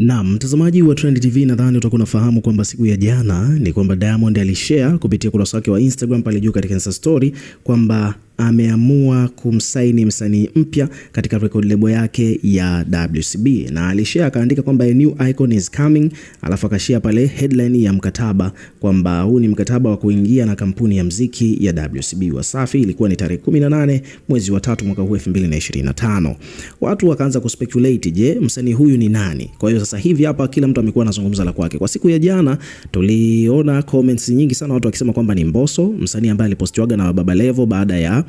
Na mtazamaji wa Trend TV, nadhani utakuwa unafahamu kwamba siku ya jana ni kwamba Diamond alishare kupitia ukurasa wake wa Instagram pale juu katika Insta story kwamba ameamua kumsaini msanii mpya katika record label yake ya WCB, na alishare akaandika kwamba a new icon is coming, alafu akashia pale headline ya mkataba kwamba huu ni mkataba wa kuingia na kampuni ya mziki ya WCB Wasafi. Ilikuwa ni tarehe 18 mwezi wa tatu mwaka huu 2025. Watu wakaanza kuspekulate, je, msanii huyu ni nani? Kwa hiyo sasa hivi hapa kila mtu amekuwa anazungumza la kwake. Kwa siku ya jana tuliona comments nyingi sana watu wakisema kwamba ni Mbosso, msanii ambaye alipostiwaga na Baba Levo baada ya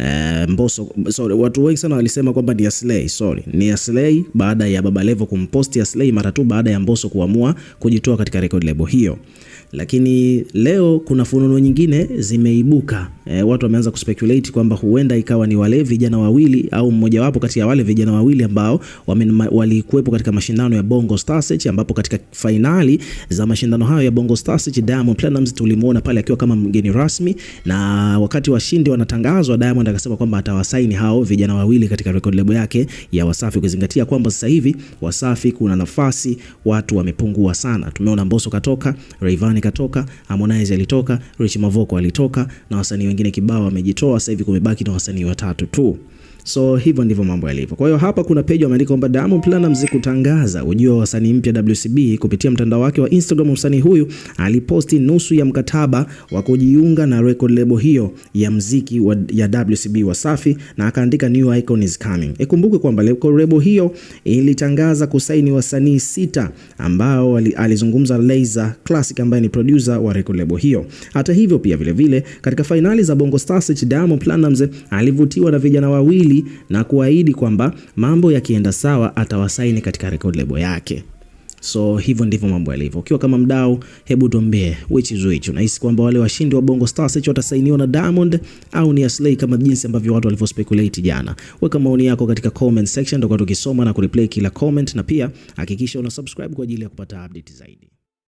eh, Mbosso sorry, watu wengi sana walisema kwamba ni Aslay, sorry, ni Aslay baada ya Baba Levo kumposti Aslay mara tu baada ya Mbosso kuamua kujitoa katika record label hiyo. Lakini leo kuna fununu nyingine zimeibuka. E, watu wameanza kuspeculate kwamba huenda ikawa ni wale vijana wawili au mmojawapo kati ya wale vijana wawili ambao walikuwepo katika mashindano ya Bongo Star Search, ambapo katika fainali za mashindano hayo ya Bongo Star Search Diamond Platnumz tulimuona pale akiwa kama mgeni rasmi, na wakati washindi wanatangazwa Diamond akasema kwamba atawasaini hao vijana wawili katika record label yake ya Wasafi, ukizingatia kwamba sasa hivi Wasafi kuna nafasi, watu wamepungua sana. Tumeona Mbosso katoka, Rayvanny katoka, Harmonize alitoka, Rich Mavoko alitoka na wasanii wengine kibao wamejitoa. Sasa hivi kumebaki na wasanii watatu tu. So hivyo ndivyo mambo yalivyo. Kwa hiyo hapa kuna page wameandika kwamba Diamond Platnumz kutangaza ujio wa wasanii mpya WCB kupitia mtandao wake wa Instagram. Msanii huyu aliposti nusu ya mkataba wa kujiunga na record label hiyo ya mziki wa, ya WCB Wasafi na akaandika new icon is coming. Ikumbuke kwamba label hiyo ilitangaza kusaini wasanii sita ambao alizungumza Laser Classic ambaye ni producer wa record label hiyo. Hata hivyo pia vilevile vile, katika finali za Bongo Star Search Diamond Platnumz alivutiwa na vijana wawili hili na kuahidi kwamba mambo yakienda sawa atawasaini katika record label yake. So hivyo ndivyo mambo yalivyo. Ukiwa kama mdau, hebu tuambie which is which. Unahisi kwamba wale washindi wa Bongo Star Search watasainiwa na Diamond au ni Aslay kama jinsi ambavyo watu walivyo speculate jana? Weka maoni yako katika comment section, kwa tukisoma na kureplay kila comment, na pia hakikisha una subscribe kwa ajili ya kupata update zaidi.